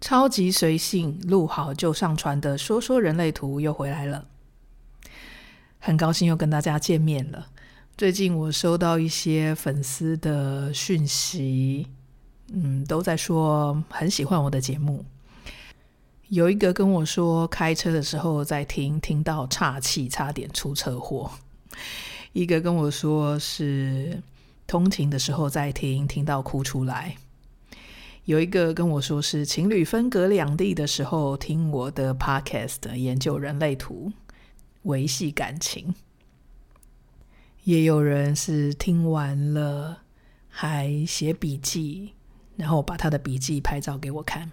超級隨性，錄好就上傳的《說說人類圖》又回來了，很高興又跟大家見面了。最近我收到一些粉絲的訊息，嗯，都在說很喜歡我的節目。有一個跟我說，開車的時候在聽，聽到岔氣，差點出車禍；一個跟我說是通勤的時候在聽，聽到哭出來。有一個跟我說是情侶分隔兩地的時候聽我的 podcast 研究人類圖維繫感情，也有人是聽完了還寫筆記，然後把他的筆記拍照給我看，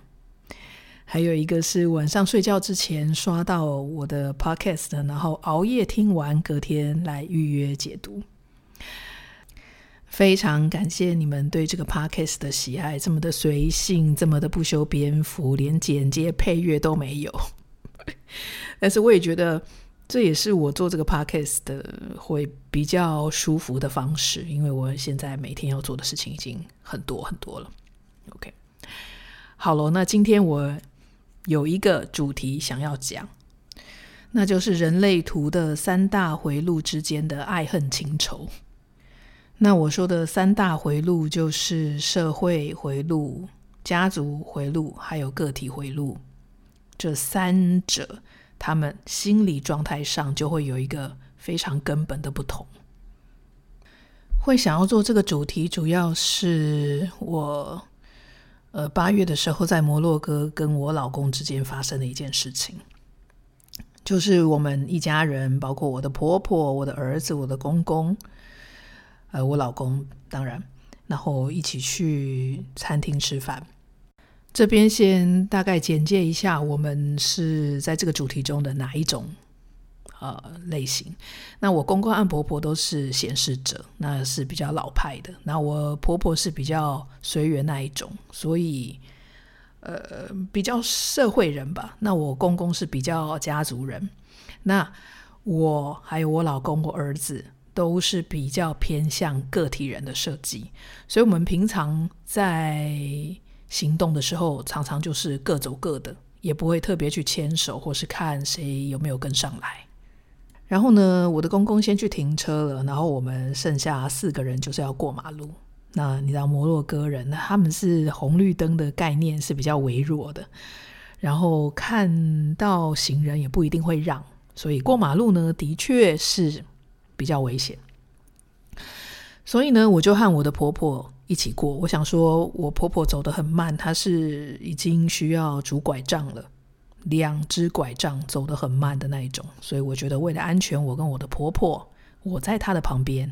還有一個是晚上睡覺之前刷到我的 podcast，然後熬夜聽完，隔天來預約解讀。非常感謝你們對這個 podcast 的喜愛，這麼的隨性，這麼的不修邊幅，連剪接配樂都沒有。 但是我也覺得這也是我做這個 podcast 的會比較舒服的方式，因為我現在每天要做的事情已經很多很多了。OK，好了，那今天我有一個主題想要講，那就是人類圖的三大回路之間的愛恨情仇。那我說的三大迴路就是社會迴路、家族迴路，還有個體迴路。這三者，他們心理狀態上就會有一個非常根本的不同。會想要做這個主題，主要是我，呃，八月的時候在摩洛哥跟我老公之間發生的一件事情，就是我們一家人，包括我的婆婆、我的兒子、我的公公。我老公，當然，然後一起去餐廳吃飯。這邊先大概簡介一下，我們是在這個主題中的哪一種呃類型。那我公公和婆婆都是顯示者，那是比較老派的。那我婆婆是比較隨緣那一種，所以呃比較社會人吧。那我公公是比較家族人。那我還有我老公，我兒子。都是比較偏向個體人的設計，所以我們平常在行動的時候，常常就是各走各的，也不會特別去牽手或是看誰有沒有跟上來。然後呢，我的公公先去停車了，然後我們剩下四個人就是要過馬路。那你知道摩洛哥人，他們是紅綠燈的概念是比較微弱的，然後看到行人也不一定會讓，所以過馬路呢，的確是。比較危險，所以呢，我就和我的婆婆一起過。我想說，我婆婆走得很慢，她是已經需要拄拐杖了，兩隻拐杖走得很慢的那一種。所以我覺得為了安全，我跟我的婆婆，我在她的旁邊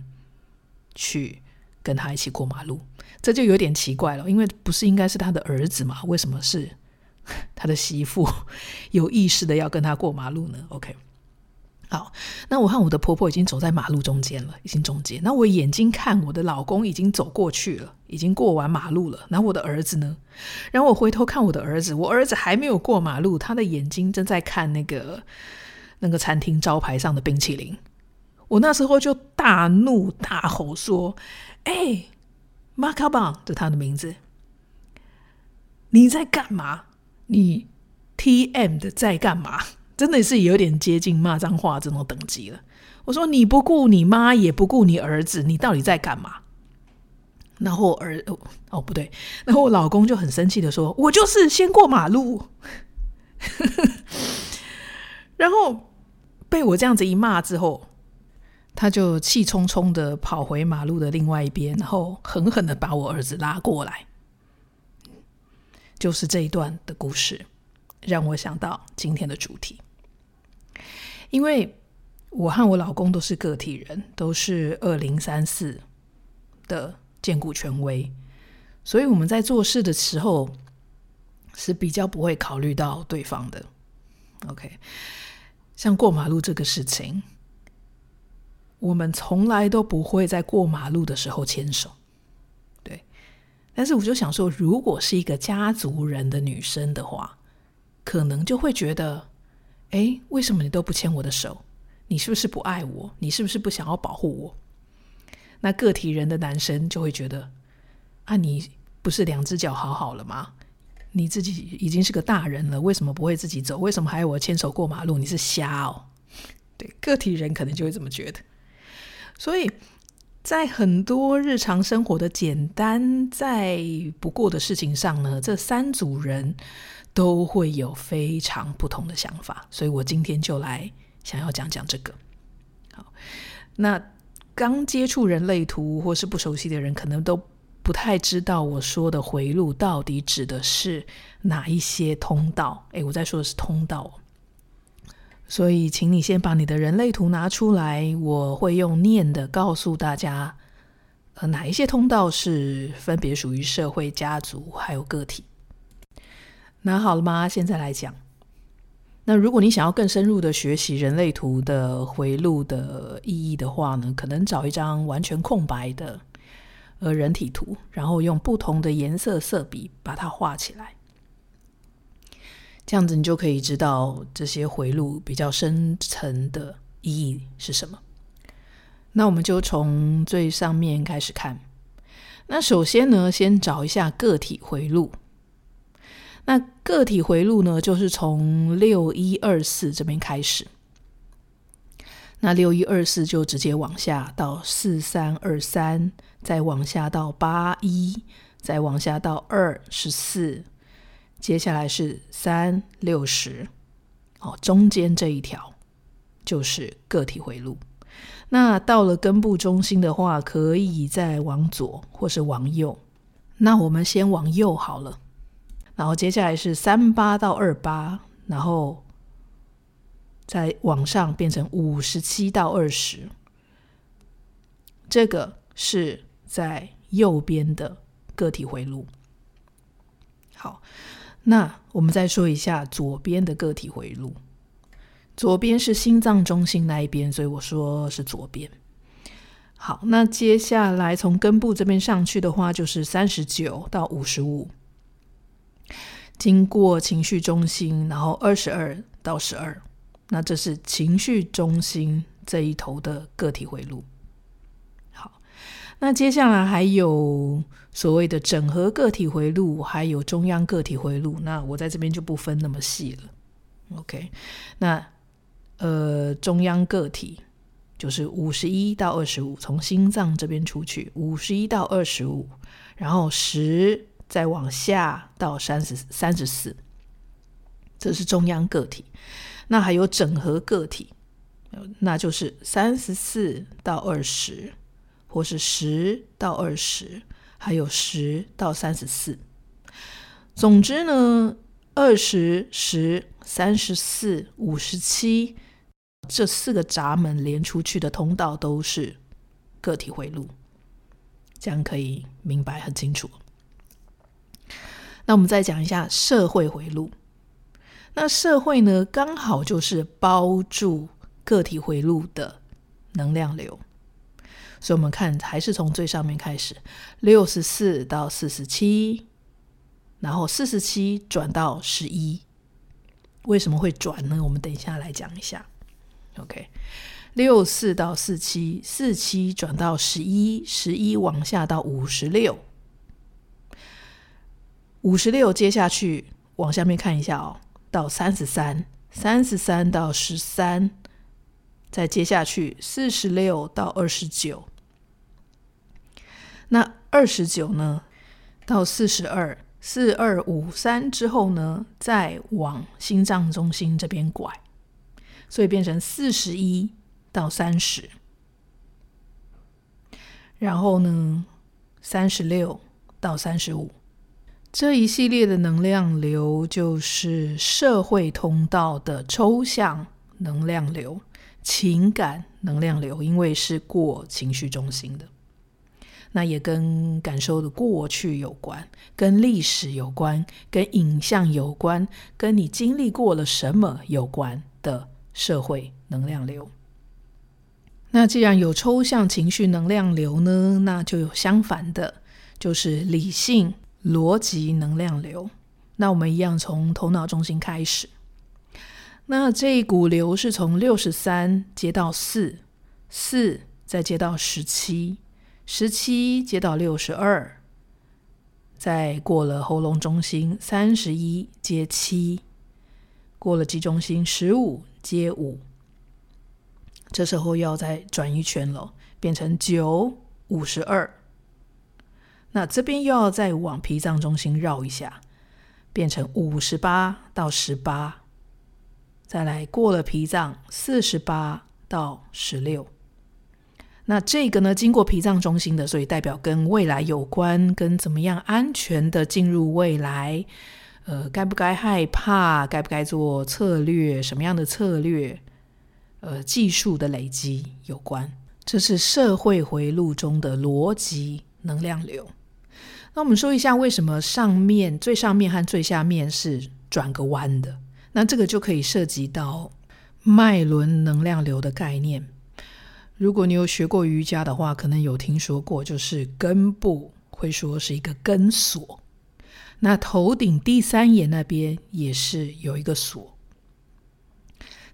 去跟她一起過馬路，這就有點奇怪了，因為不是應該是她的兒子嘛，為什麼是她的媳婦 有意識的要跟她過馬路呢？OK。好，那我看我的婆婆已經走在馬路中間了，已經中間。那我眼睛看我的老公已經走過去了，已經過完馬路了。那我的兒子呢？然後我回頭看我的兒子，我兒子還沒有過馬路，他的眼睛正在看那個那個餐廳招牌上的冰淇淋。我那時候就大怒大吼說：“哎，瑪卡棒，這他的名字，你在幹嘛？你 TM 的在幹嘛？”真的是有點接近罵髒話這種等級了。我說你不顧你媽，也不顧你兒子，你到底在幹嘛？然後兒哦，不對，然後我老公就很生氣的說：“我就是先過馬路。 ”然後被我這樣子一罵之後，他就氣衝衝的跑回馬路的另外一邊，然後狠狠的把我兒子拉過來。就是這一段的故事，讓我想到今天的主題。因為我和我老公都是個體人，都是二零三四的薦骨權威，所以我們在做事的時候是比較不會考慮到對方的。OK，像過馬路這個事情，我們從來都不會在過馬路的時候牽手。對，但是我就想說，如果是一個家族人的女生的話，可能就會覺得。哎，為什麼你都不牽我的手？你是不是不愛我？你是不是不想要保護我？那個體人的男生就會覺得，啊，你不是兩隻腳好好了嗎？你自己已經是個大人了，為什麼不會自己走？為什麼還要我牽手過馬路？你是瞎哦？對，個體人可能就會這麼覺得，所以。在很多日常生活的簡單再不過的事情上呢，這三組人都會有非常不同的想法，所以我今天就來想要講講這個。好，那剛接觸人類圖或是不熟悉的人，可能都不太知道我說的回路到底指的是哪一些通道。誒，我在說的是通道。所以，請你先把你的人類圖拿出來，我會用念的告訴大家，呃，哪一些通道是分別屬於社會、家族還有個體。拿好了嗎？現在來講。那如果你想要更深入的學習人類圖的回路的意義的話呢，可能找一張完全空白的呃人體圖，然後用不同的顏色色筆把它畫起來。這樣子你就可以知道這些迴路比較深層的意義是什麼。那我們就從最上面開始看。那首先呢，先找一下個體迴路。那個體迴路呢，就是從六一二四這邊開始。那六一二四就直接往下到四三二三，再往下到八一，再往下到二一四。接下來是三六十，哦，中間這一條就是個體迴路。那到了根部中心的話，可以再往左或是往右。那我們先往右好了。然後接下來是三八到二八，然後再往上變成五十七到二十。這個是在右邊的個體迴路。好。那我們再說一下左邊的個體迴路，左邊是心臟中心那一邊，所以我說是左邊。好，那接下來從根部這邊上去的話，就是39到55，經過情緒中心，然後22到12，那這是情緒中心這一頭的個體迴路。好，那接下來還有。所謂的整合個體迴路，還有中央個體迴路，那我在這邊就不分那麼細了。OK，那呃，中央個體就是五十一到二十五，從心臟這邊出去，五十一到二十五，然後十再往下到三十三十四，這是中央個體。那還有整合個體，那就是三十四到二十，或是十到二十。還有十到三十四，總之呢，二十、十、三十四、五十七這四個閘門連出去的通道都是個體迴路，這樣可以明白很清楚。那我們再講一下社會迴路，那社會呢，剛好就是包住個體迴路的能量流。所以我們看，還是從最上面開始，六十四到四十七，然後四十七轉到十一。為什麼會轉呢？我們等一下來講一下。OK，六四到四七，四七轉到十一，十一往下到五十六，五十六接下去往下面看一下哦，到三十三，三十三到十三，再接下去四十六到二十九。那二十九呢，到四十二，四二五三之後呢，再往心臟中心這邊拐，所以變成四十一到三十，然後呢，三十六到三十五這一系列的能量流就是社會通道的抽象能量流、情感能量流，因為是過情緒中心的。那也跟感受的過去有關，跟歷史有關，跟影像有關，跟你經歷過了什麼有關的社會能量流。那既然有抽象情緒能量流呢，那就有相反的，就是理性邏輯能量流。那我們一樣從頭腦中心開始。那這一股流是從六十三接到四，四再接到十七。十七接到六十二，再過了喉嚨中心三十一接七，過了 G 中心十五接五，這時候要再轉一圈了，變成九五十二。那這邊又要再往脾臟中心繞一下，變成五十八到十八，再來過了脾臟四十八到十六。那這個呢，經過脾臟中心的，所以代表跟未來有關，跟怎麼樣安全的進入未來，呃，該不該害怕，該不該做策略，什麼樣的策略，呃，技術的累積有關。這是社會迴路中的邏輯能量流。那我們說一下為什麼上面，最上面和最下面是轉個彎的？那這個就可以涉及到脈輪能量流的概念。如果你有學過瑜伽的話，可能有聽說過，就是根部會說是一個根鎖，那頭頂第三眼那邊也是有一個鎖。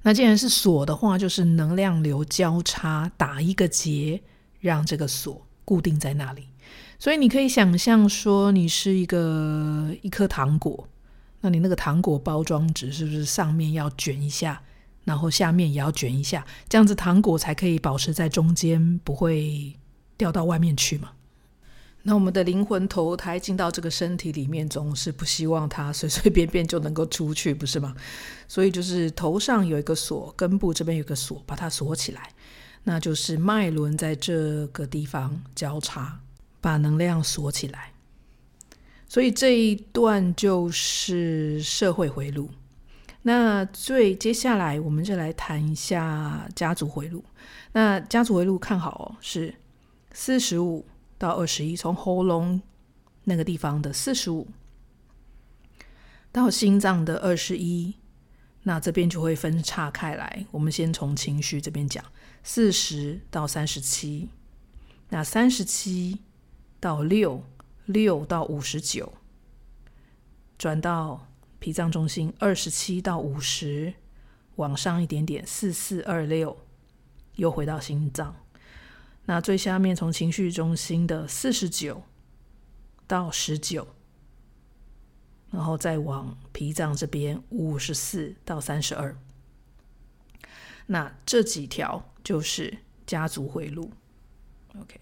那既然是鎖的話，就是能量流交叉，打一個結，讓這個鎖固定在那裡。所以你可以想象說，你是一個一顆糖果，那你那個糖果包裝紙是不是上面要捲一下？然後下面也要捲一下，這樣子糖果才可以保持在中間，不會掉到外面去嘛。那我們的靈魂投胎進到這個身體裡面，總是不希望它隨隨便便就能夠出去，不是嗎？所以就是頭上有一個鎖，根部這邊有個鎖，把它鎖起來，那就是脈輪在這個地方交叉，把能量鎖起來。所以這一段就是社會迴路。那最接下來，我們就來談一下家族迴路。那家族迴路看好哦，是四十五到二十一，從喉嚨那個地方的四十五到心臟的二十一，那這邊就會分岔開來。我們先從情緒這邊講，四十到三十七，那三十七到六，六到五十九，轉到。脾臟中心二十七到五十，往上一點點四四二六，又回到心臟。那最下面，從情緒中心的四十九到十九，然後再往脾臟這邊五十四到三十二。那這幾條就是家族迴路。OK，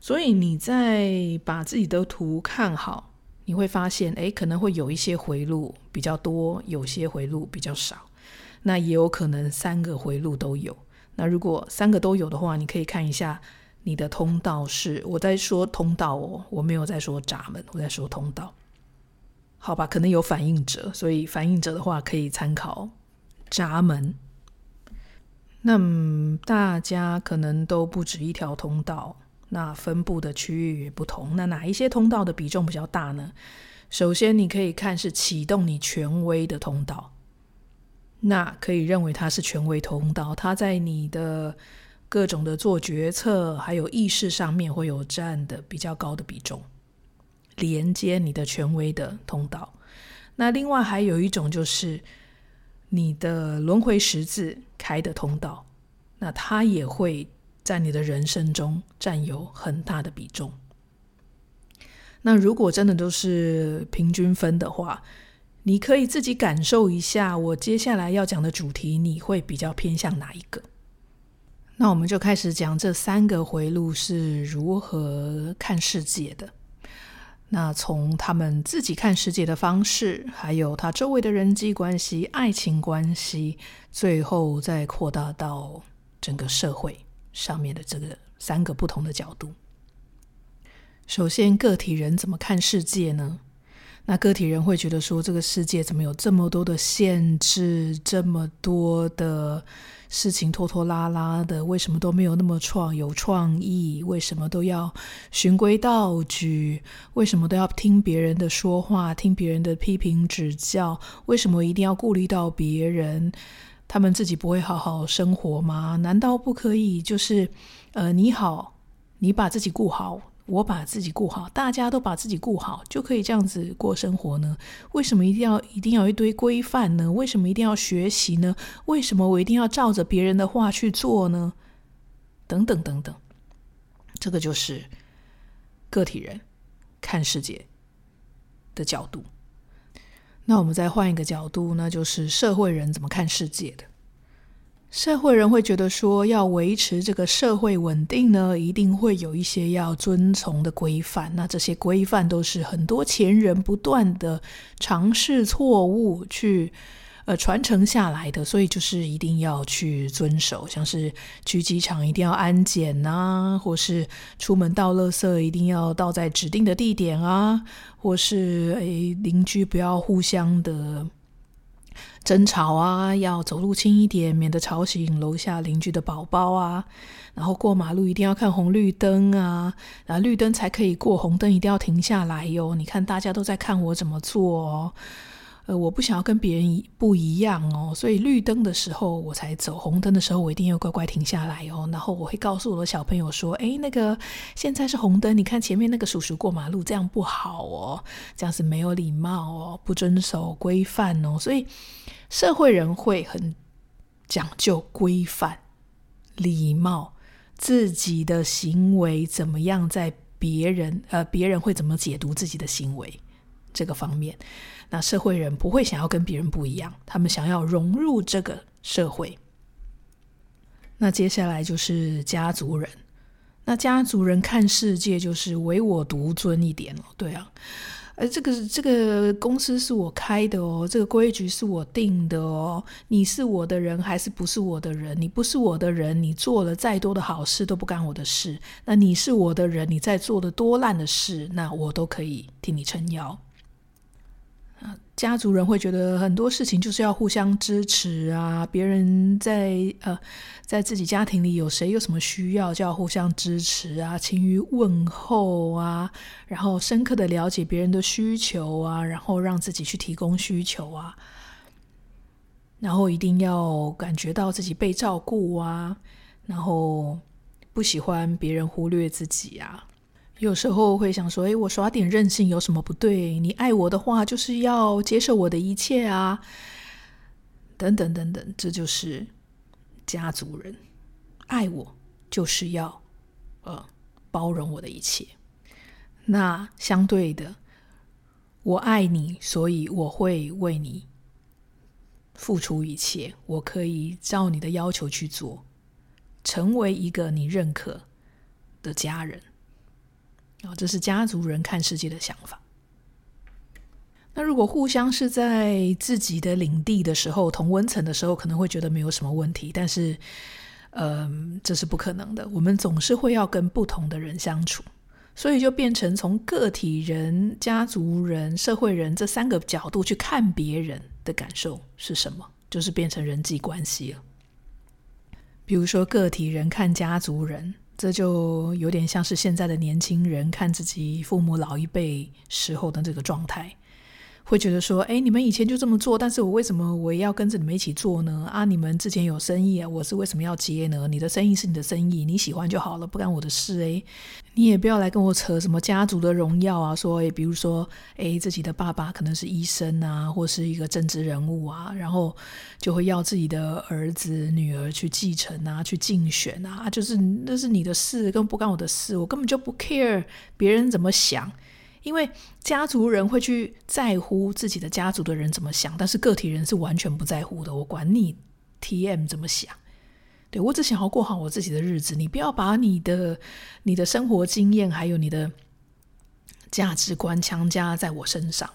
所以你再把自己的圖看好。你會發現，哎，可能會有一些迴路比較多，有些迴路比較少，那也有可能三個迴路都有。那如果三個都有的話，你可以看一下你的通道，是我在說通道哦，我沒有在說閘門，我在說通道，好吧？可能有反應者，所以反應者的話可以參考閘門。那，嗯，大家可能都不止一條通道。那分佈的區域也不同。那哪一些通道的比重比較大呢？首先，你可以看是啟動你權威的通道，那可以認為它是權威通道，它在你的各種的做決策還有意識上面會有佔的比較高的比重，連接你的權威的通道。那另外還有一種就是你的輪迴十字開的通道，那它也會。在你的人生中佔有很大的比重。那如果真的都是平均分的話，你可以自己感受一下，我接下來要講的主題，你會比較偏向哪一個？那我們就開始講這三個回路是如何看世界的。那從他們自己看世界的方式，還有他周圍的人際關係、愛情關係，最後再擴大到整個社會。上面的這個三個不同的角度。首先，個體人怎麼看世界呢？那個體人會覺得說，這個世界怎麼有這麼多的限制，這麼多的事情拖拖拉拉的？為什麼都沒有那麼創有創意？為什麼都要循規蹈矩？為什麼都要聽別人的說話，聽別人的批評指教？為什麼一定要顧慮到別人？他們自己不會好好生活嗎？難道不可以就是，呃，你好，你把自己顧好，我把自己顧好，大家都把自己顧好，就可以這樣子過生活呢？為什麼一定要一定要一堆規範呢？為什麼一定要學習呢？為什麼我一定要照着別人的話去做呢？等等等等，這個就是個體人看世界的角度。那我們再換一個角度呢，那就是社會人怎麼看世界的？社會人會覺得說，要維持這個社會穩定呢，一定會有一些要遵從的規範。那這些規範都是很多前人不斷的嘗試錯誤去。呃，傳承下來的，所以就是一定要去遵守，像是去機場一定要安檢啊，或是出門倒垃圾一定要倒在指定的地點啊，或是誒，鄰居不要互相的爭吵啊，要走路輕一點，免得吵醒樓下鄰居的寶寶啊，然後過馬路一定要看紅綠燈啊，然後綠燈才可以過，紅燈一定要停下來喲、哦。你看大家都在看我怎麼做哦。呃，我不想要跟別人一不一樣哦，所以綠燈的時候我才走，紅燈的時候我一定要乖乖停下來哦。然後我會告訴我的小朋友說：“誒，那個現在是紅燈，你看前面那個叔叔過馬路，這樣不好哦，這樣是沒有禮貌哦，不遵守規範哦。”所以社會人會很講究規範、禮貌，自己的行為怎麼樣，在別人呃，別人會怎麼解讀自己的行為。這個方面，那社會人不會想要跟別人不一樣，他們想要融入這個社會。那接下來就是家族人，那家族人看世界就是唯我獨尊一點哦，對啊，而、呃、這個這個公司是我開的哦，這個規矩是我定的哦。你是我的人還是不是我的人？你不是我的人，你做了再多的好事都不干我的事。那你是我的人，你在做的多爛的事，那我都可以替你撐腰。家族人會覺得很多事情就是要互相支持啊，別人在呃在自己家庭裡有誰有什麼需要，就要互相支持啊，勤於問候啊，然後深刻的了解別人的需求啊，然後讓自己去提供需求啊，然後一定要感覺到自己被照顧啊，然後不喜歡別人忽略自己啊。有時候會想說：“誒，我耍點任性有什麼不對？你愛我的話，就是要接受我的一切啊。”等等等等，這就是家族人，愛我就是要呃包容我的一切。那相對的，我愛你，所以我會為你付出一切，我可以照你的要求去做，成為一個你認可的家人。哦，這是家族人看世界的想法。那如果互相是在自己的領地的時候，同溫層的時候，可能會覺得沒有什麼問題，但是，嗯、呃，這是不可能的。我們總是會要跟不同的人相處，所以就變成從個體人、家族人、社會人這三個角度去看別人的感受是什麼，就是變成人際關係了。比如說，個體人看家族人。這就有點像是現在的年輕人看自己父母老一輩時候的這個狀態。會覺得說，哎、欸，你們以前就這麼做，但是我為什麼我要跟着你們一起做呢？啊，你們之前有生意啊，我是為什麼要接呢？你的生意是你的生意，你喜歡就好了，不干我的事、欸。哎，你也不要來跟我扯什麼家族的榮耀啊，說，哎、欸，比如說，哎、欸，自己的爸爸可能是醫生啊，或是一個政治人物啊，然後就會要自己的兒子、女兒去繼承啊，去競選啊，就是那是你的事，跟不干我的事，我根本就不 care 別人怎麼想。因為家族人會去在乎自己的家族的人怎麼想，但是個體人是完全不在乎的。我管你 TM 怎麼想，對，我只想要過好我自己的日子。你不要把你的你的生活經驗還有你的價值觀強加在我身上。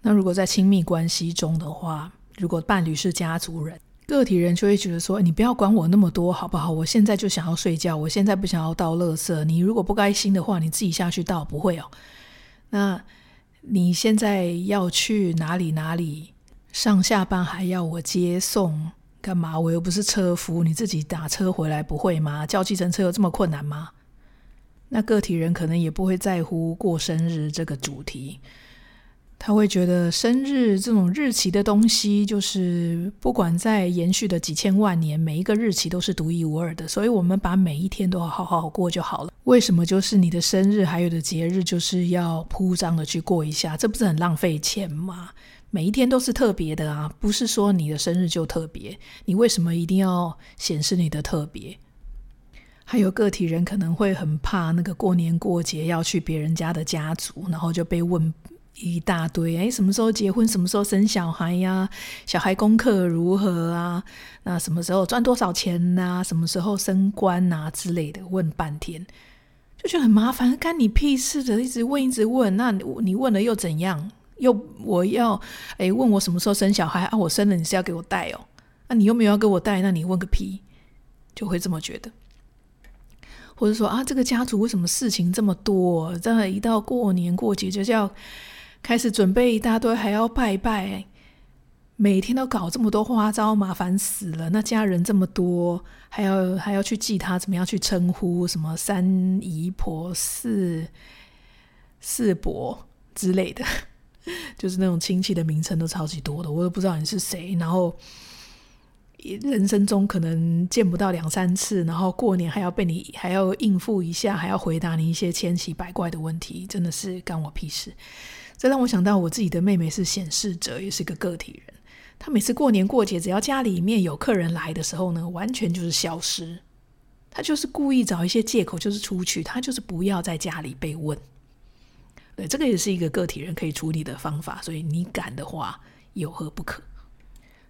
那如果在親密關係中的話，如果伴侶是家族人，個體人就會覺得說：“你不要管我那麼多，好不好？我現在就想要睡覺，我現在不想要倒垃圾。你如果不開心的話，你自己下去倒，不會哦。那你現在要去哪裡哪裡？上下班還要我接送幹嘛？我又不是車夫，你自己打車回來不會嗎？叫計程車有這麼困難嗎？”那個體人可能也不會在乎過生日這個主題。他會覺得生日這種日期的東西，就是不管在延續的幾千萬年，每一個日期都是獨一無二的。所以我們把每一天都好好過就好了。為什麼就是你的生日，還有的節日就是要鋪張的去過一下？這不是很浪費錢嗎？每一天都是特別的啊，不是說你的生日就特別，你為什麼一定要顯示你的特別？還有個體人可能會很怕那個過年過節要去別人家的家族，然後就被問。一大堆哎，什麼時候結婚？什麼時候生小孩呀、啊？小孩功課如何啊？那什麼時候賺多少錢啊？什麼時候升官啊之類的？問半天，就覺得很麻煩，干你屁事的！一直問，一直問，那你，你問了又怎樣？又我要哎？問我什麼時候生小孩啊？我生了你是要給我帶哦？那、啊、你又沒有要給我帶，那你問個屁？就會這麼覺得，或者說啊，這個家族為什麼事情這麼多？真的，一到過年過節就是要。開始準備一大堆，還要拜拜，每天都搞這麼多花招，麻煩死了。那家人這麼多，還要還要去記他怎麼樣去稱呼，什麼三姨婆四、四四伯之類的， 就是那種親戚的名稱都超級多的，我都不知道你是誰。然後人生中可能見不到兩三次，然後過年還要被你還要應付一下，還要回答你一些千奇百怪的問題，真的是干我屁事。這讓我想到，我自己的妹妹是顯示者，也是個個體人。她每次過年過節，只要家裡面有客人來的時候呢，完全就是消失。她就是故意找一些借口，就是出去，她就是不要在家裡被問。對，這個也是一個個體人可以處理的方法。所以你敢的話，有何不可？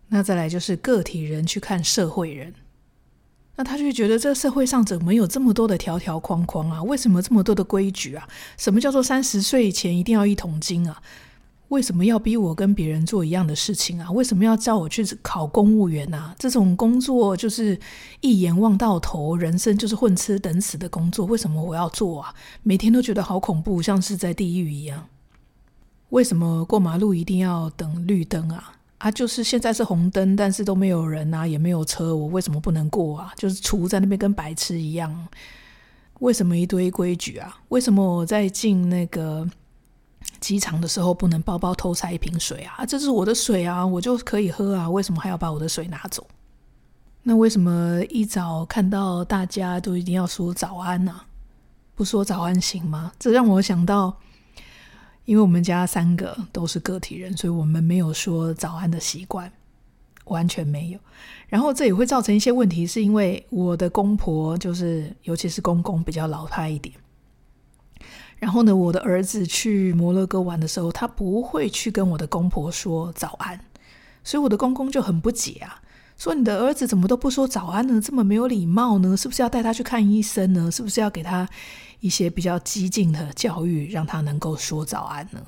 那再來就是個體人去看社會人。那他就覺得這社會上怎麼有這麼多的條條框框啊？為什麼這麼多的規矩啊？什麼叫做三十歲以前一定要一桶金啊？為什麼要逼我跟別人做一樣的事情啊？為什麼要叫我去考公務員啊？這種工作就是一眼望到頭，人生就是混吃等死的工作，為什麼我要做啊？每天都覺得好恐怖，像是在地獄一樣。為什麼過馬路一定要等綠燈啊？啊，就是現在是紅燈，但是都沒有人啊，也沒有車，我為什麼不能過啊？就是杵在那邊跟白痴一樣，為什麼一堆規矩啊？為什麼我在進那個機場的時候不能包包偷塞一瓶水啊？這是我的水啊，我就可以喝啊，為什麼還要把我的水拿走？那為什麼一早看到大家都一定要說早安啊？不說早安行嗎？這讓我想到。因為我們家三個都是個體人，所以我們沒有說早安的習慣，完全沒有。然後這也會造成一些問題，是因為我的公婆就是，尤其是公公比較老派一點。然後呢，我的兒子去摩洛哥玩的時候，他不會去跟我的公婆說早安，所以我的公公就很不解啊。說你的兒子怎麼都不說早安呢？這麼沒有禮貌呢？是不是要帶他去看醫生呢？是不是要給他一些比較激進的教育，讓他能夠說早安呢？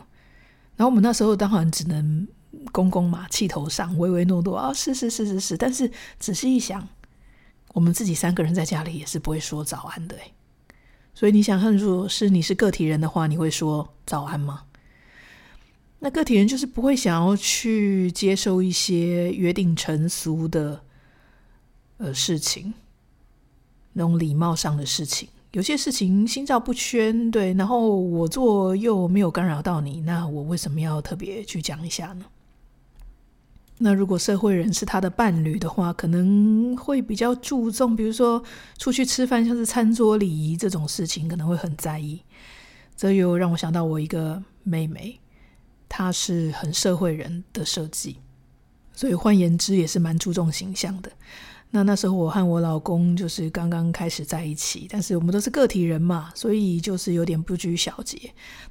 然後我們那時候當然只能公公嘛，氣頭上，唯唯諾諾啊、哦，是是是是是。但是仔細一想，我們自己三個人在家裡也是不會說早安的。所以你想看，如果是你是個體人的話，你會說早安嗎？那個體人就是不會想要去接受一些約定成俗的呃事情，那種禮貌上的事情，有些事情心照不宣，對，然後我做又沒有干擾到你，那我為什麼要特別去講一下呢？那如果社會人是他的伴侶的話，可能會比較注重，比如說出去吃飯，像是餐桌禮儀這種事情，可能會很在意。這又讓我想到我一個妹妹。他是很社會人的設計，所以換言之也是蠻注重形象的。那那時候我和我老公就是剛剛開始在一起，但是我們都是個體人嘛，所以就是有點不拘小節。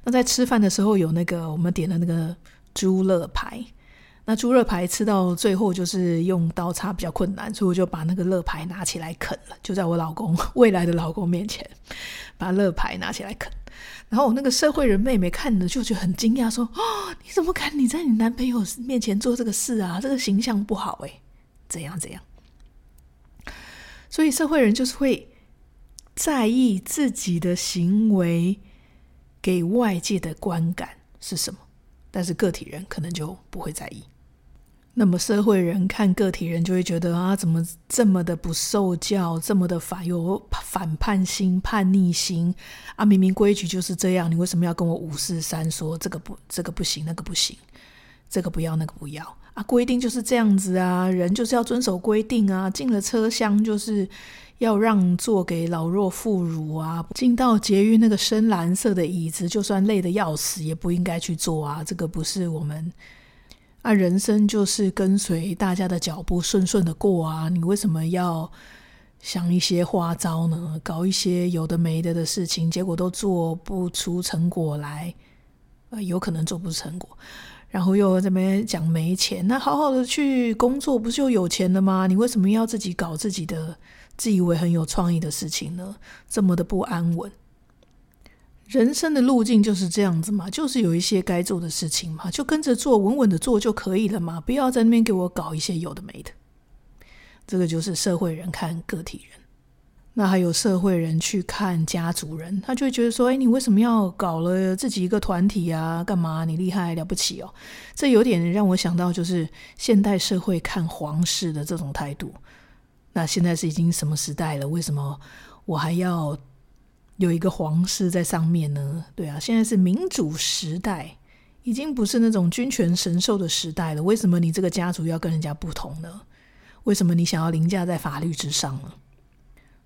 那在吃飯的時候有那個，我們點了那個豬肋排，那豬肋排吃到最後就是用刀叉比較困難，所以我就把那個肋排拿起來啃了，就在我老公、未來的老公面前把肋排拿起來啃。然後我那個社會人妹妹看了就覺得很驚訝，說：“哦，你怎麼敢你在你男朋友面前做這個事啊？這個形象不好誒，怎樣怎樣。”所以社會人就是會在意自己的行為給外界的觀感是什麼，但是個體人可能就不會在意。那麼社會人看個體人，就會覺得啊，怎麼這麼的不受教，這麼的反有反叛心、叛逆心啊！明明規矩就是這樣，你為什麼要跟我五四三說這個不，這個不行，那個不行，這個不要，那個不要啊？規定就是這樣子啊，人就是要遵守規定啊。進了車廂就是要讓座給老弱婦孺啊，進到捷運那個深藍色的椅子，就算累得要死，也不應該去坐啊。這個不是我們。他、啊、人生就是跟隨大家的腳步，順順的過啊。你為什麼要想一些花招呢？搞一些有的沒的的事情，結果都做不出成果來，呃、有可能做不出成果。然後又在那這邊講沒錢，那好好的去工作，不是就有錢了嗎？你為什麼要自己搞自己的，自以為很有創意的事情呢？這麼的不安穩。人生的路徑就是這樣子嘛，就是有一些該做的事情嘛，就跟着做，穩穩的做就可以了嘛，不要在那邊給我搞一些有的沒的。這個就是社會人看個體人，那還有社會人去看家族人，他就會覺得說：“誒，你為什麼要搞了自己一個團體啊？幹嘛？你厲害了不起哦！”這有點讓我想到，就是現代社會看皇室的這種態度。那現在是已經什麼時代了？為什麼我還要？有一個皇室在上面呢，對啊，現在是民主時代，已經不是那種君權神授的時代了。為什麼你這個家族要跟人家不同呢？為什麼你想要凌駕在法律之上呢？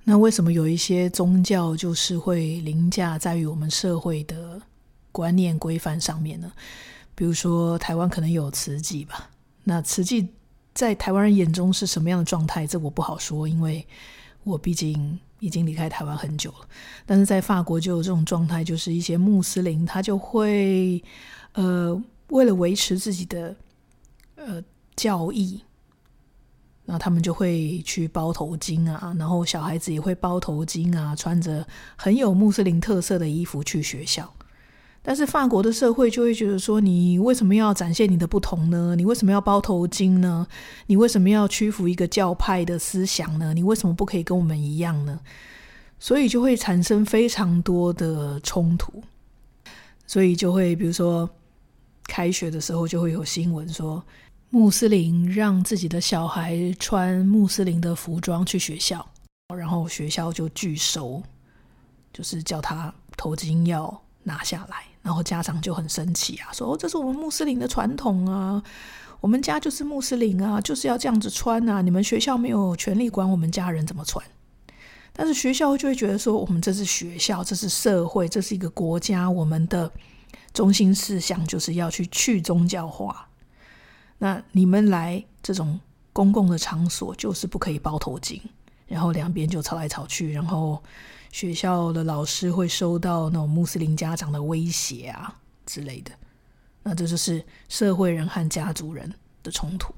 那為什麼有一些宗教，就是會凌駕在於我們社會的觀念規範上面呢？比如說台灣可能有慈濟吧，那慈濟在台灣人眼中是什麼樣的狀態？這我不好說，因為我畢竟。已經離開台灣很久了，但是在法國就有這種狀態，就是一些穆斯林他就會，呃，為了維持自己的呃，教義，然後他們就會去包頭巾啊，然後小孩子也會包頭巾啊，穿着很有穆斯林特色的衣服去學校。但是法國的社會就會覺得說，你為什麼要展現你的不同呢？你為什麼要包頭巾呢？你為什麼要屈服一個教派的思想呢？你為什麼不可以跟我們一樣呢？所以就會產生非常多的衝突。所以就會，比如說開學的時候，就會有新聞說，穆斯林讓自己的小孩穿穆斯林的服裝去學校，然後學校就拒收，就是叫他頭巾要拿下來。然後家長就很生氣啊，說：“哦，這是我們穆斯林的傳統啊，我們家就是穆斯林啊，就是要這樣子穿啊，你們學校沒有權利管我們家人怎麼穿。”但是學校就會覺得說：“我們這是學校，這是社會，這是一個國家，我們的中心思想就是要去去宗教化。那你們來這種公共的場所就是不可以包頭巾。”然後兩邊就吵來吵去，然後。學校的老師會收到那種穆斯林家長的威脅啊之類的，那這就是社會人和家族人的衝突。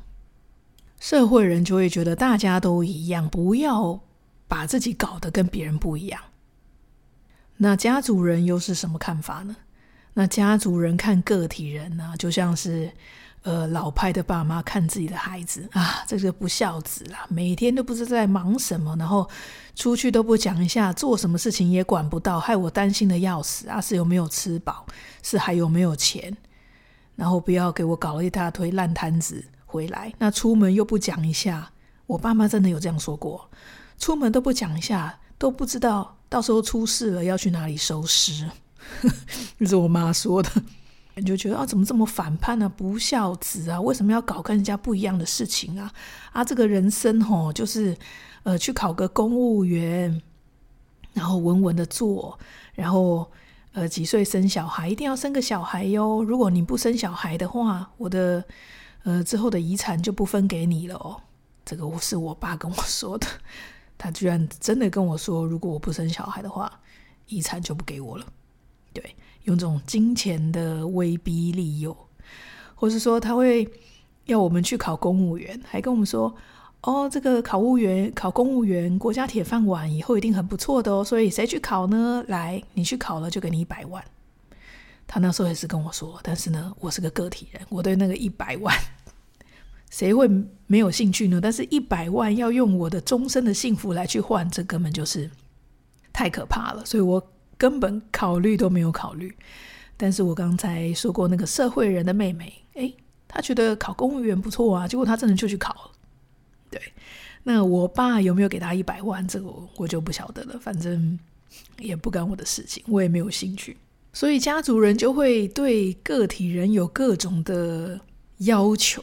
社會人就會覺得大家都一樣，不要把自己搞得跟別人不一樣。那家族人又是什麼看法呢？那家族人看個體人呢、啊，就像是。呃，老派的爸媽看自己的孩子啊，這個不孝子啦，每天都不知道在忙什麼，然後出去都不講一下，做什麼事情也管不到，害我擔心的要死啊！是有沒有吃飽？是還有沒有錢？然後不要給我搞了一大堆爛攤子回來。那出門又不講一下，我爸媽真的有這樣說過，出門都不講一下，都不知道到時候出事了要去哪裡收屍，這 是我媽說的。你就覺得啊，怎麼這麼反叛呢？啊，不孝子啊，為什麼要搞跟人家不一樣的事情啊？啊，這個人生哦，就是呃，去考個公務員，然後穩穩的做，然後呃，幾歲生小孩，一定要生個小孩喲。如果你不生小孩的話，我的呃之後的遺產就不分給你了哦。這個我是我爸跟我說的，他居然真的跟我說，如果我不生小孩的話，遺產就不給我了。對。用這種金錢的威逼利誘，或是說他會要我們去考公務員，還跟我們說：“哦，這個考務員、考公務員，國家鐵飯碗，以後一定很不錯的哦。”所以誰去考呢？來，你去考了就給你一百萬。他那時候也是跟我說，但是呢，我是個個體人，我對那個一百萬，誰會沒有興趣呢？但是一百萬要用我的終身的幸福來去換，這根本就是太可怕了。所以我。根本考慮都沒有考慮，但是我剛才說過那個社會人的妹妹，誒，她覺得考公務員不錯啊，結果她真的就去考了。對，那我爸有沒有給她一百萬，這個我我就不曉得了，反正也不干我的事情，我也沒有興趣。所以家族人就會對個體人有各種的要求，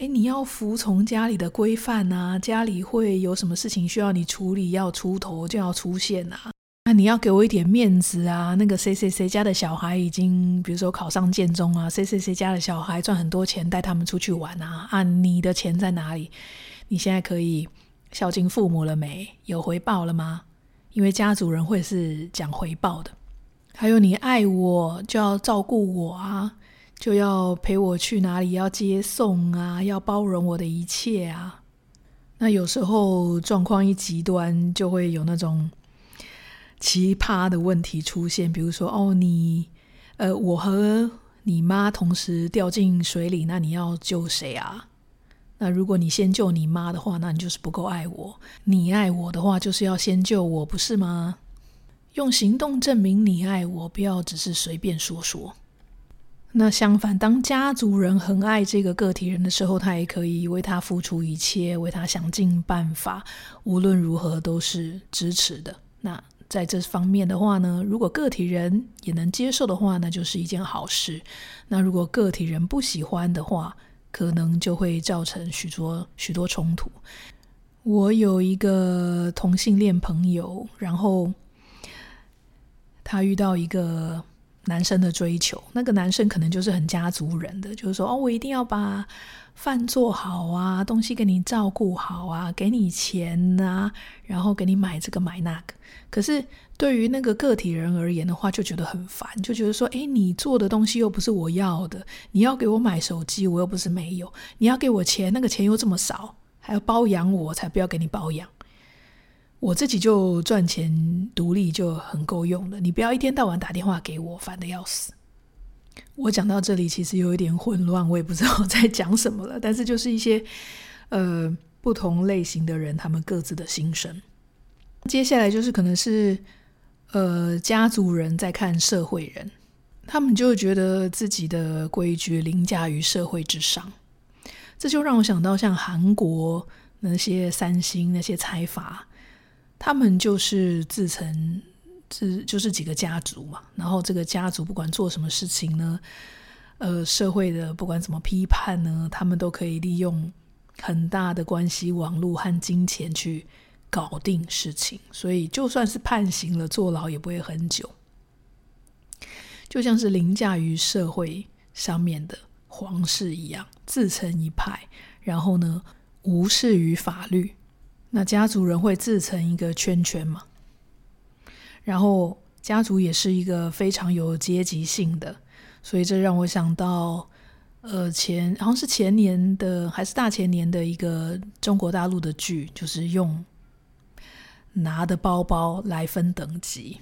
誒，你要服從家裡的規範啊，家裡會有什麼事情需要你處理，要出頭就要出現啊。那你要給我一點面子啊！那個誰誰誰家的小孩已經，比如說考上建中啊，誰誰誰家的小孩賺很多錢，帶他們出去玩啊啊！你的錢在哪裡？你現在可以孝敬父母了沒？有回報了嗎？因為家族人會是講回報的。還有，你愛我就要照顧我啊，就要陪我去哪裡，要接送啊，要包容我的一切啊。那有時候狀況一極端，就會有那種。奇葩的問題出現，比如說哦，你呃，我和你媽同時掉進水裡，那你要救誰啊？那如果你先救你媽的話，那你就是不夠愛我。你愛我的話，就是要先救我，不是嗎？用行動證明你愛我，不要只是隨便說說。那相反，當家族人很愛這個個體人的時候，他也可以為他付出一切，為他想盡辦法，無論如何都是支持的。那。在這方面的話呢，如果個體人也能接受的話呢，那就是一件好事。那如果個體人不喜歡的話，可能就會造成許多許多衝突。我有一個同性戀朋友，然後他遇到一個男生的追求，那個男生可能就是很家族人的，就是說，哦，我一定要把。飯做好啊，東西給你照顧好啊，給你錢啊，然後給你買這個買那個。可是對於那個個體人而言的話，就覺得很煩，就覺得說，哎，你做的東西又不是我要的，你要給我買手機，我又不是沒有，你要給我錢，那個錢又這麼少，還要包養我，才不要給你包養，我自己就賺錢獨立就很夠用了，你不要一天到晚打電話給我，煩的要死。我講到這裡其實有一點混亂，我也不知道在講什麼了。但是就是一些呃不同類型的人，他們各自的心聲。接下來就是可能是呃家族人在看社會人，他們就覺得自己的規矩凌駕於社會之上，這就讓我想到像韓國那些三星那些財閥，他們就是自成。是就是幾個家族嘛，然後這個家族不管做什麼事情呢，呃，社會的不管怎麼批判呢，他們都可以利用很大的關係網絡和金錢去搞定事情，所以就算是判刑了坐牢也不會很久，就像是凌駕於社會上面的皇室一樣，自成一派，然後呢無視於法律。那家族人會自成一個圈圈嗎？然後家族也是一個非常有階級性的，所以這讓我想到，呃，前好像是前年的還是大前年的一個中國大陸的劇，就是用拿的包包來分等級。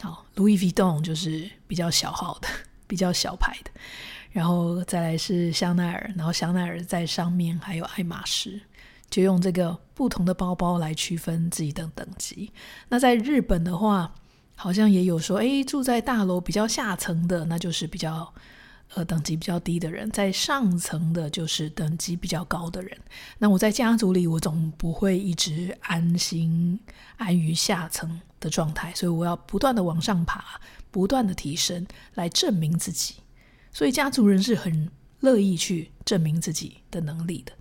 好，Louis Vuitton 就是比較小號的，比較小牌的，然後再來是香奈兒，然後香奈兒在上面還有愛馬仕，就用這個不同的包包來區分自己的等級。那在日本的話。好像也有說，誒，住在大樓比較下層的，那就是比較，呃，等級比較低的人；在上層的，就是等級比較高的人。那我在家族裡，我總不會一直安心安於下層的狀態，所以我要不斷的往上爬，不斷的提升，來證明自己。所以家族人是很樂意去證明自己的能力的。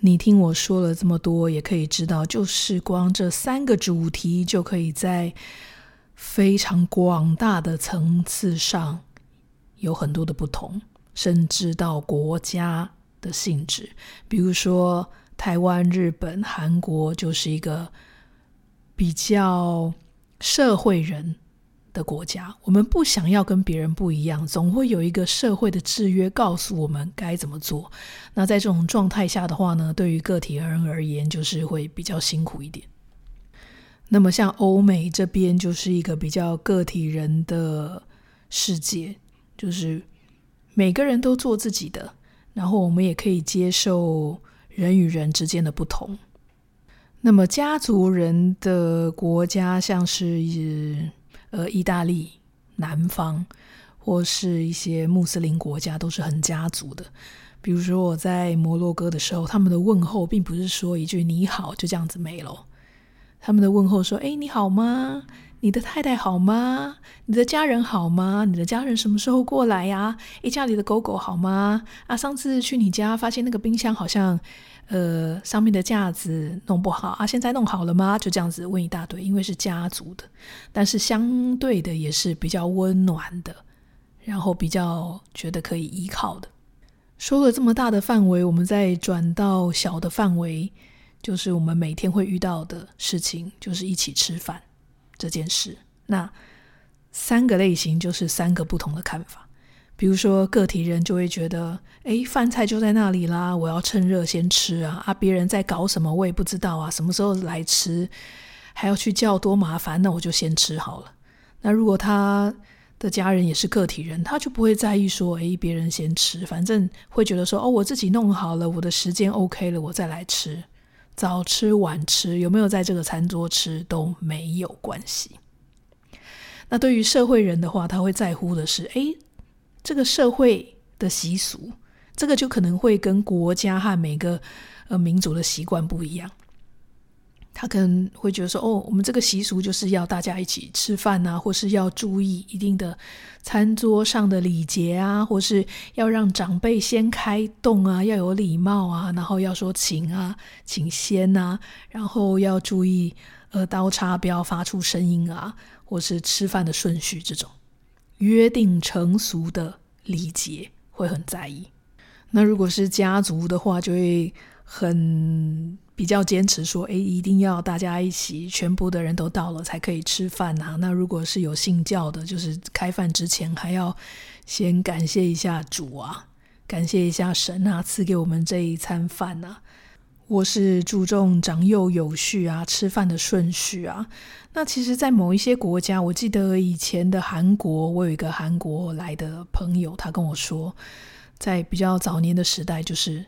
你聽我說了這麼多，也可以知道，就是光這三個主題就可以在。非常廣大的層次上，有很多的不同，甚至到國家的性質。比如說，台灣、日本、韓國就是一個比較社會人的國家。我們不想要跟別人不一樣，總會有一個社會的制約告訴我們該怎麼做。那在這種狀態下的話呢，對於個體而言，就是會比較辛苦一點。那麼，像歐美這邊就是一個比較個體人的世界，就是每個人都做自己的，然後我們也可以接受人與人之間的不同。那麼，家族人的國家，像是呃意大利南方，或是一些穆斯林國家，都是很家族的。比如說我在摩洛哥的時候，他們的問候並不是說一句“你好”，就這樣子沒了。他們的問候說：“哎，你好嗎？你的太太好嗎？你的家人好嗎？你的家人什麼時候過來呀？哎，家裡的狗狗好嗎？啊，上次去你家發現那個冰箱好像，呃，上面的架子弄不好啊，現在弄好了嗎？就這樣子問一大堆，因為是家族的，但是相對的也是比較溫暖的，然後比較覺得可以依靠的。說了這麼大的範圍，我們再轉到小的範圍。”就是我們每天會遇到的事情，就是一起吃飯這件事。那三個類型就是三個不同的看法。比如說，個體人就會覺得，誒，飯菜就在那裡啦，我要趁熱先吃啊！啊，別人在搞什麼，我也不知道啊，什麼時候來吃，還要去叫，多麻煩。那我就先吃好了。那如果他的家人也是個體人，他就不會在意說，誒，別人先吃，反正會覺得說，哦，我自己弄好了，我的時間 OK 了，我再來吃。早吃晚吃，有沒有在這個餐桌吃都沒有關係。那對於社會人的話，他會在乎的是，哎，這個社會的習俗，這個就可能會跟國家和每個，呃，民族的習慣不一樣。他可能會覺得說：“哦，我們這個習俗就是要大家一起吃飯吶、啊，或是要注意一定的餐桌上的禮節啊，或是要讓長輩先開動啊，要有禮貌啊，然後要說請啊，請先啊，然後要注意，呃，刀叉不要發出聲音啊，或是吃飯的順序這種約定成俗的禮節會很在意。那如果是家族的話，就會很。”比較堅持說，欸，一定要大家一起，全部的人都到了才可以吃飯吶。那如果是有信教的，就是開飯之前還要先感謝一下主啊，感謝一下神啊，賜給我們這一餐飯啊。我是注重長幼有序啊，吃飯的順序啊。那其實，在某一些國家，我記得以前的韓國，我有一個韓國來的朋友，他跟我說，在比較早年的時代，就是。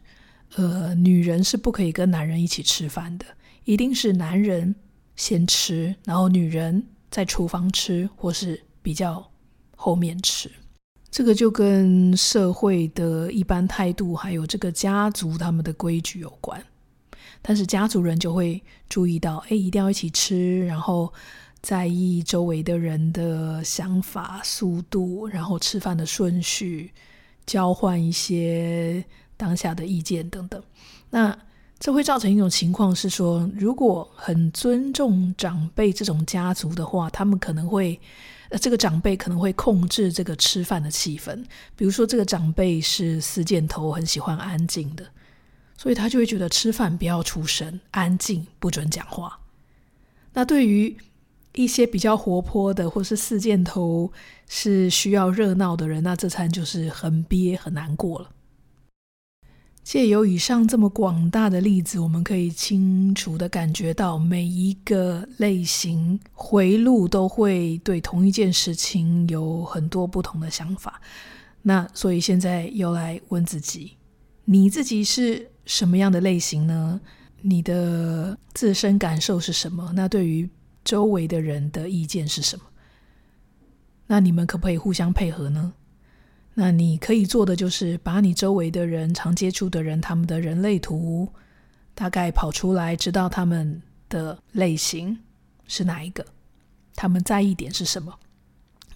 呃，女人是不可以跟男人一起吃飯的，一定是男人先吃，然後女人在廚房吃或是比較後面吃。這個就跟社會的一般態度，還有這個家族他們的規矩有關。但是家族人就會注意到，哎，一定要一起吃，然後在意周圍的人的想法、速度，然後吃飯的順序，交換一些。當下的意見等等，那這會造成一種情況是說，如果很尊重長輩這種家族的話，他們可能會，呃，這個長輩可能會控制這個吃飯的氣氛。比如說，這個長輩是四箭頭，很喜歡安靜的，所以他就會覺得吃飯不要出聲，安靜，不准講話。那對於一些比較活潑的，或是四箭頭是需要熱鬧的人，那這餐就是很憋，很難過了。借由以上這麼廣大的例子，我們可以清楚的感覺到，每一個類型迴路都會對同一件事情有很多不同的想法。那所以現在又來問自己：你自己是什麼樣的類型呢？你的自身感受是什麼？那對於周圍的人的意見是什麼？那你們可不可以互相配合呢？那你可以做的就是把你周圍的人，常接觸的人，他們的人類圖大概跑出來，知道他們的類型是哪一個，他們在意點是什麼。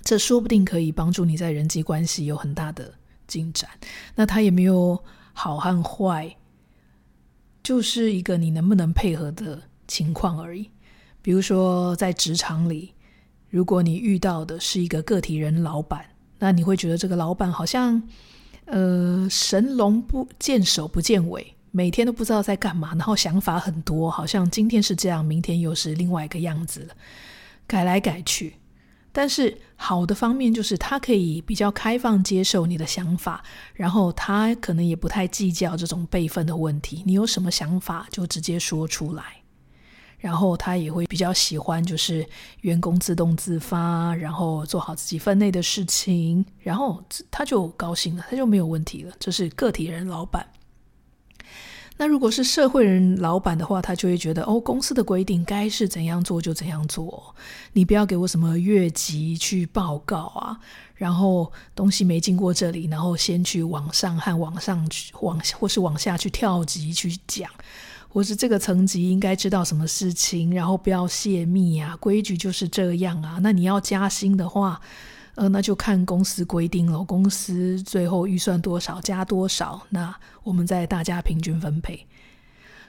這說不定可以幫助你在人際關係有很大的進展。那他也沒有好和壞，就是一個你能不能配合的情況而已。比如說在職場裡，如果你遇到的是一個個體人老板。那你會覺得這個老闆好像，呃，神龍不見首不見尾，每天都不知道在幹嘛，然後想法很多，好像今天是這樣，明天又是另外一個樣子了，改來改去。但是好的方面就是他可以比較開放接受你的想法，然後他可能也不太計較這種輩分的問題，你有什麼想法就直接說出來。然後他也會比較喜歡，就是員工自動自發，然後做好自己分內的事情，然後他就高興了，他就沒有問題了。這、就是個體人老板。那如果是社會人老板的話，他就會覺得，哦，公司的規定該是怎樣做就怎樣做，你不要給我什麼越級去報告啊，然後東西沒經過這裡，然後先去往上和往上去、往或是往下去跳級去講。或是這個層級應該知道什麼事情，然後不要洩密啊，規矩就是這樣啊。那你要加薪的話，呃，那就看公司規定了。公司最後預算多少，加多少，那我們再大家平均分配。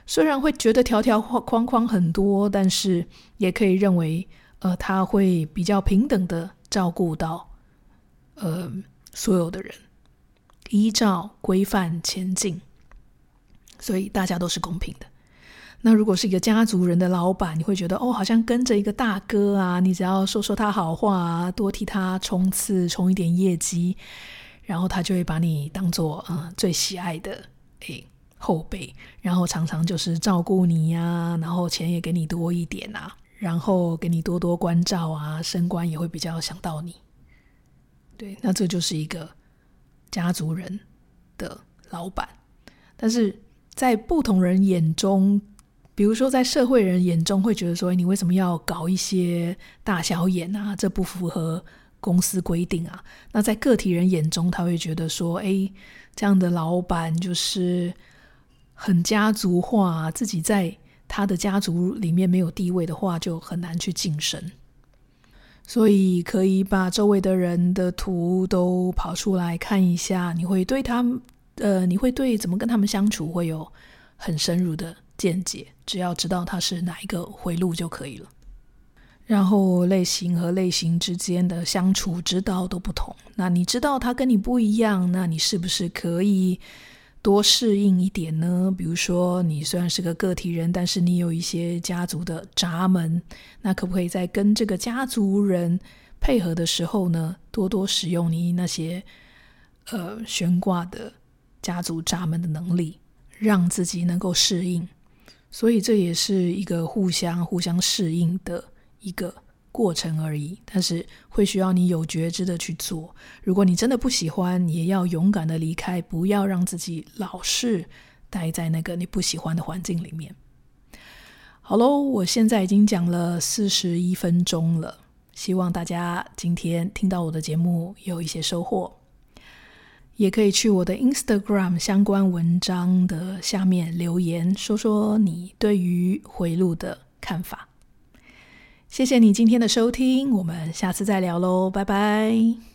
雖然會覺得條條框框很多，但是也可以認為，呃，他會比較平等的照顧到呃所有的人，依照規範前進，所以大家都是公平的。那如果是一個家族人的老闆，你會覺得哦，好像跟着一個大哥啊，你只要說說他好話啊，多替他衝刺衝一點業績，然後他就會把你當做嗯、呃、最喜愛的誒後輩，然後常常就是照顧你呀、啊，然後錢也給你多一點啊，然後給你多多關照啊，升官也會比較想到你。對，那這就是一個家族人的老闆，但是在不同人眼中。比如說，在社會人眼中會覺得說，你為什麼要搞一些大小眼啊？這不符合公司規定啊。那在個體人眼中，他會覺得說，哎，這樣的老闆就是很家族化，自己在他的家族裡面沒有地位的話，就很難去晉升。所以可以把周圍的人的圖都跑出來看一下，你會對他們，呃，你會對怎麼跟他們相處會有很深入的。見解，只要知道它是哪一個迴路就可以了。然後類型和類型之間的相處之道都不同。那你知道他跟你不一樣，那你是不是可以多適應一點呢？比如說，你雖然是個個體人，但是你有一些家族的閘門，那可不可以在跟這個家族人配合的時候呢，多多使用你那些呃懸掛的家族閘門的能力，讓自己能夠適應。所以這也是一個互相互相適應的一個過程而已，但是會需要你有覺知的去做。如果你真的不喜歡，也要勇敢的離開，不要讓自己老是待在那個你不喜歡的環境裡面。好嘍，我現在已經講了四十一分鐘了，希望大家今天聽到我的節目有一些收穫。也可以去我的 Instagram 相關文章的下面留言，說說你對於迴路的看法。謝謝你今天的收聽，我們下次再聊嘍，拜拜。